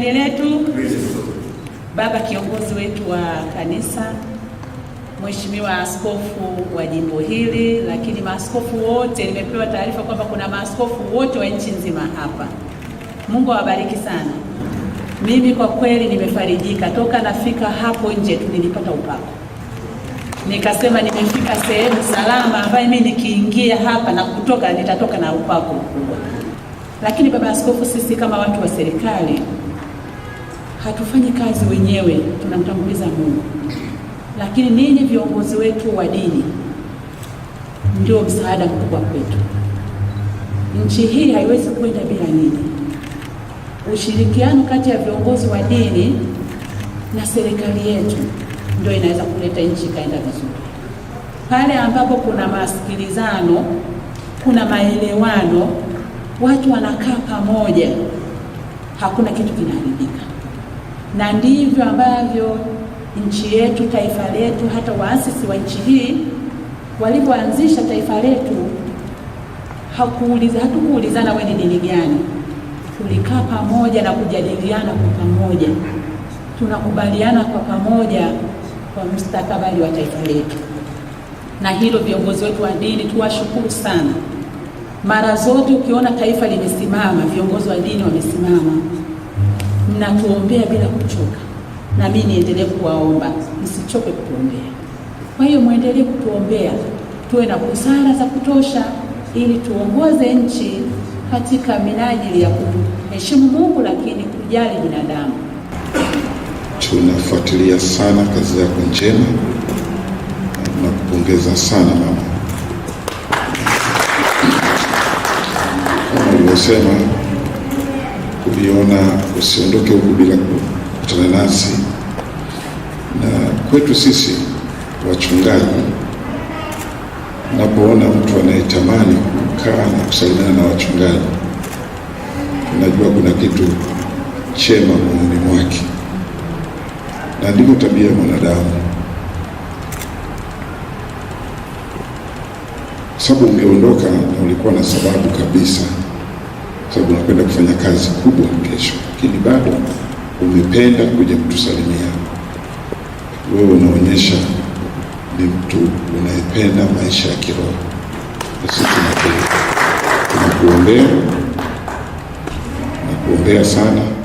tumaini letu baba kiongozi wetu wa kanisa, mheshimiwa askofu wa jimbo hili, lakini maaskofu wote, nimepewa taarifa kwamba kuna maaskofu wote wa nchi nzima hapa. Mungu awabariki sana. Mimi kwa kweli nimefarijika, toka nafika hapo nje tu nilipata upako, nikasema nimefika sehemu salama ambaye mimi nikiingia hapa na kutoka nitatoka na upako mkubwa. Lakini baba askofu, sisi kama watu wa serikali hatufanyi kazi wenyewe, tunamtanguliza Mungu. Lakini ninyi viongozi wetu wa dini ndio msaada mkubwa kwetu. Nchi hii haiwezi kwenda bila ninyi. Ushirikiano kati ya viongozi wa dini na serikali yetu ndio inaweza kuleta nchi ikaenda vizuri. Pale ambapo kuna masikilizano, kuna maelewano, watu wanakaa pamoja, hakuna kitu kinaharibika na ndivyo ambavyo nchi yetu, taifa letu, hata waasisi wa nchi hii walipoanzisha taifa letu. Hakuuliza, hatukuulizana wewe ni dini gani, tulikaa pamoja na kujadiliana kwa pamoja, tunakubaliana kwa pamoja kwa mustakabali wa taifa letu, na hilo viongozi wetu wa dini tuwashukuru sana. Mara zote ukiona taifa limesimama, viongozi wa dini wamesimama natuombea bila kuchoka, na mimi niendelee kuwaomba msichoke kutuombea. Kwa hiyo muendelee kutuombea, tuwe na busara za kutosha, ili tuongoze nchi katika minajili ya kumheshimu Mungu, lakini kujali binadamu. Tunafuatilia sana kazi yako njema na kupongeza sana mama, kama ulivyosema kuviona, usiondoke huku bila kukutana nasi. Na kwetu sisi wachungaji, napoona mtu anayetamani kukaa na kusalimiana na wachungaji, unajua kuna kitu chema moyoni mwake, na ndivyo tabia ya mwanadamu, sababu ungeondoka na ulikuwa na sababu kabisa sababu nakwenda kufanya kazi kubwa kesho, lakini bado umependa kuja kutusalimia. Wewe unaonyesha ni mtu unayependa maisha ya kiroho, Basi sisi tunakuombea, tunakuombea sana.